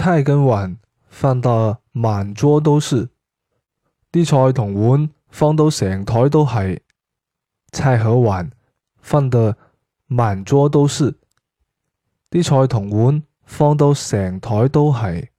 菜跟碗放到滿桌都是，啲菜同碗放到成台都係。菜和碗放得滿桌都是，啲菜同碗放到成台都係。